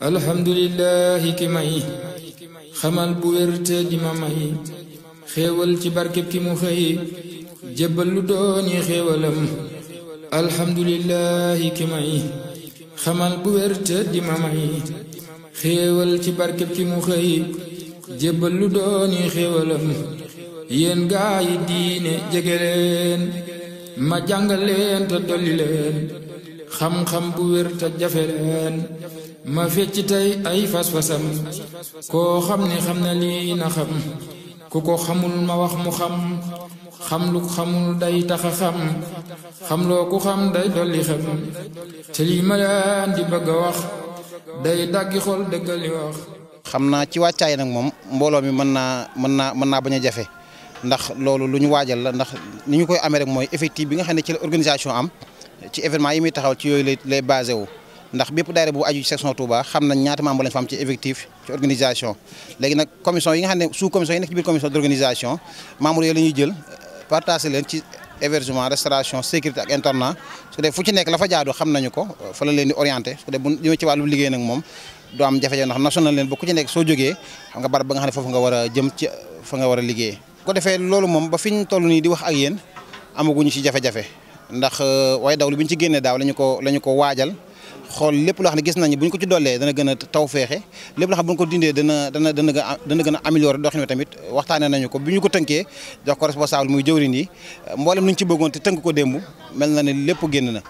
alhamdulillahi ki may xamal bu wérte di may xéewal ci barkeb ki mu xëy jébbal lu dooni xéewalam alhamdulillahi ki may xamal bu wérte di may xéewal ci barkeb ki mu xëy jébbal lu dooni xéewalam yéen gaa diine jege ma jàngal leen te dolli leen xam-xam bu wér jafe leen ma fecc tey ay fas-fasam koo xam ne xam na lii na xam ku ko xamul ma wax mu xam xam lu xamul day taxa xam xam loo ku xam day dolli xam te lii ma leen di bëgg a wax day daggi xol dëggal li wax xam naa ci wàccaay nag moom mbooloo mi mën naa mën naa mën naa bañ a jafe ndax loolu lu ñu waajal la ndax ni ñu koy amee rek mooy effectif bi nga xam ne ci la organisation am ci événement yi muy taxaw ci yooyu lay lay basé wu ndax bépp daayira bu aju ci section Touba xam na ñaata membre lañ fa am ci effectif ci organisation léegi nag commission yi nga xam ne sous commission yi nekk ci biir commission d'organisation membre yooyu la ñuy jël partagé leen ci hébergement restauration sécurité ak internat su dee fu ci nekk la fa jaadu xam nañu ko fa leen di orienté su dee bu ci wàllu liggéey nag moom doo am jafe-jafe ndax national leen ba ku ci nekk soo jógee xam nga barab ba nga xam ne foofu nga war a jëm ci fa war a liggéey ko defee loolu moom ba fi ñu toll nii di wax ak yéen amaguñu ci jafe ndax euh, waaye dawlu bi ñu ci génnee daaw lañu ko lañu ko waajal xool lépp loo xam ne gis nañu bu ñu ko ci dollee dana gën a taw feexe lépp loo xam ne bu ñu ko dindee dana dana dana gën a améliorer doxin wi tamit waxtaanee nañu ko bi ñu ko tënkee jox ko responsable muy jëwriñ yi mboolem lu ñu ci bëggoon te tënk ko démb mel na ne lépp génn na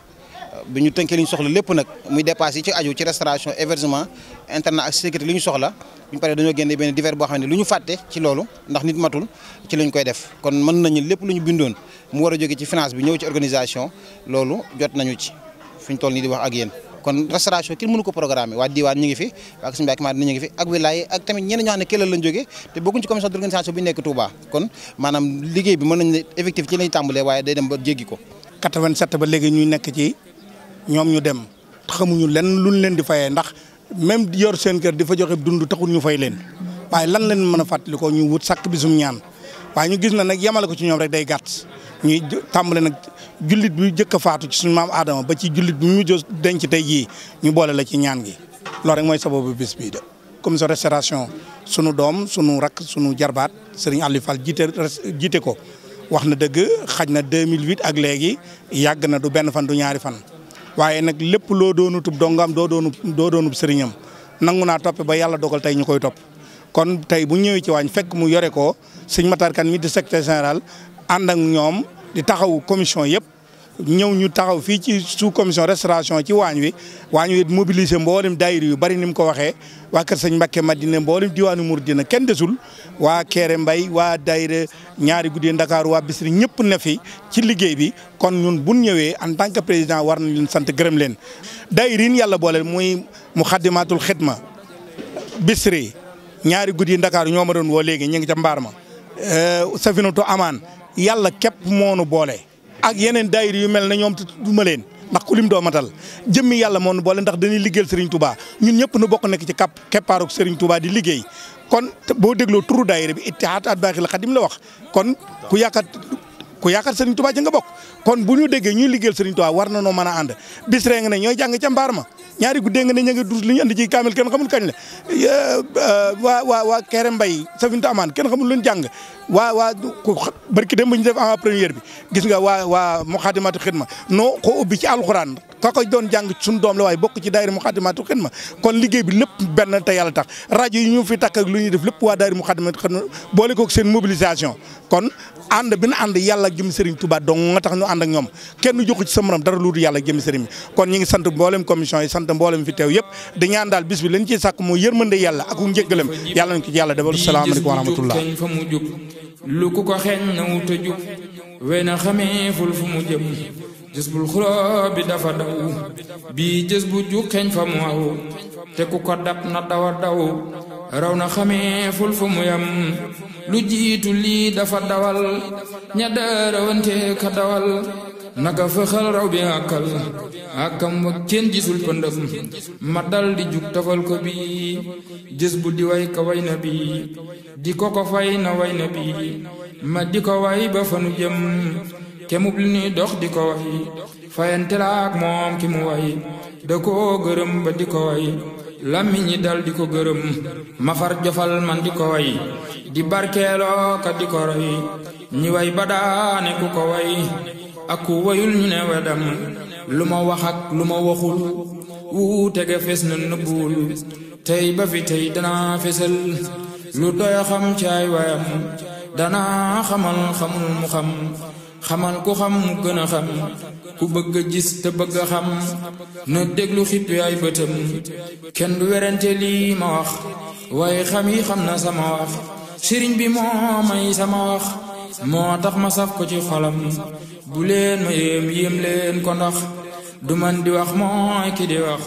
bi ñu tënkee lu ñu soxla lépp nag muy dépasse yi ci aju ci restauration hébergement internat ak sécurité li ñu soxla bu ñu paree dañoo génne benn divers boo xam ne lu ñu fàtte ci loolu ndax nit matul ci lañ koy def kon mën nañu lépp lu ñu bindoon mu war a jóge ci finance bi ñëw ci organisation loolu jot nañu ci fi ñu toll di wax ak yéen kon restauration kenn mënu ko programmer waa diwaan ñu ngi fi waa Sëñ Mbàkke Madina ñu ngi fi ak wilaay tamit ñeneen ñoo xam ne lañ jógee te bokkuñ ci commission bi nekk Touba kon maanaam liggéey bi mën ci lañ tàmbalee ba léegi ñuy nekk ci ñoom ñu dem te xamuñu lenn luñ leen di fayee ndax même yor seen kër di fa joxe dund taxul ñu fay leen waaye lan leen mën a fàttali ñu wut sàkk bisum ñaan waaye ñu gis na nag yemale ko ci ñoom rek day gàtt ñuy tàmbale nag jullit bi jëkk faatu ci suñu maam Adama ba ci jullit bi mu mujj denc tey jii ñu boole la ci ñaan gi lool rek mooy sababu bis bii de. comme commission restauration sunu doom suñu rakk suñu jarbaat Serigne Aliou Fall jiite ko wax na dëgg xaj na 2008 ak léegi yàgg na du benn fan du ñaari fan waaye nag lépp loo doonutub dongam doo doonub doo doonub sëriñam nangu naa topp ba yàlla dogal tey ñu koy topp. kon tey bu ñëwee ci waañ fekk mu yore ko sëñ Matar Kan mi di secrétaire général ànd ak ñoom di taxaw commission yëpp ñëw ñu taxaw fii ci su commission restauration ci waañ wi waañ wi mobiliser mboolem daayira yu bari ni mu ko waxee waa Kër Sëñ Mbàkke Madina mboolem diwaanu Muridina kenn desul waa Kéré Mbay waa daayira ñaari guddee Ndakaaru waa Bisri ñëpp ne fi ci liggéey bi kon ñun bu ñëwee en tant que président war nañ leen sant gërëm leen daayira yàlla boole muy mu xaddimaatul xidma Bisri ñaari guddi yi Ndakaaru ñoo ma doon woo léegi ñu ngi ca mbaar ma euh, safinatu amaan yàlla képp moonu boole ak yeneen daayira yu mel ne ñoom duma leen ndax ku lim doo matal jëmmi yàlla moonu boole ndax dañuy liggéeyal Serigne Touba ñun ñëpp nu bokk nekk ci kap keppaaruk Serigne Touba di liggéey kon boo dégloo turu daayira bi ittihaad Atbaaqil Xadim la wax kon ku yaakaar ku yaakaar Serigne Touba ci nga bokk kon bu ñu déggee ñuy liggéeyal Serigne Touba war na noo mën a ànd bis reng ne ñooy jàng ca mbaar ma ñaari guddee nga ne ña nga duus li ñu andi ci kaamil kenn xamul kañ la euh, waa waa waa Kéré Amaan kenn xamul luñ jàng waa waa barki dem ba ñu def gis nga waa waa Muxaddamatul Xidma noo ko ubbi ci alxuraan ka koy doon jàng suñu doom la waaye bokk ci daayira Muxaddamatul Xidma kon liggéey bi lépp benn te yàlla tax rajo yi ñu fi takk ak lu ñuy def lépp waa daayira Muxaddamatul Xidma boole kook seen mobilisation kon ànd bi yàlla jëm Serigne Touba dong tax ñu ànd ak kenn joxu ci sa morom dara lu dul yàlla jëm Serigne bi kon ñi ngi sant commission yi sant sant mboolem fi teew yëpp di ñaan daal bis bi lañ ciy sàkk mooy yërmande yàlla ak njëggalam yàlla nañ ko ci yàlla defal salaamaaleykum wa rahmatullah lu ku ko xeeñ na wut a jub wey na xamee ful fu mu jëm jës bul xuloo bi dafa daw bii jës bu jug fa mu aw te ku ko dab na dawa daw raw na xamee ful fu mu yam lu jiitu lii dafa dawal ña dërawante ka dawal naka fa raw bi àkkal àkkam wa kenn gisul pëndëm ma dal di jug tafal ko bi jës bu di way ka way na bi di ko ko fay na way na bi ma di ko way ba fanu jëm kemub li nuy dox di ko way fayante la ak moom ki mu way da koo gërëm ba di ko way làmmiñ yi dal ko gërëm ma far jofal man di ko way di barkeeloo di ko roy ñi way ba daane ku ko way ak ku wayul ñu ne wedam lu ma wax ak lu ma waxul wuute ga fes na nëbbuwul tey ba fi tey danaa fesal lu doy xam caay wayam danaa xamal xamul mu xam xamal ku xam mu gën a xam ku bëgg a gis te bëgg a xam na déglu xippi ay bëtam kenn du werante lii ma wax waaye xam yi xam na sama wax sëriñ bi moo may sama wax moo tax ma saf ko ci xolam bu leen ma yéem yéem leen ko ndax du man di wax mooy ki di wax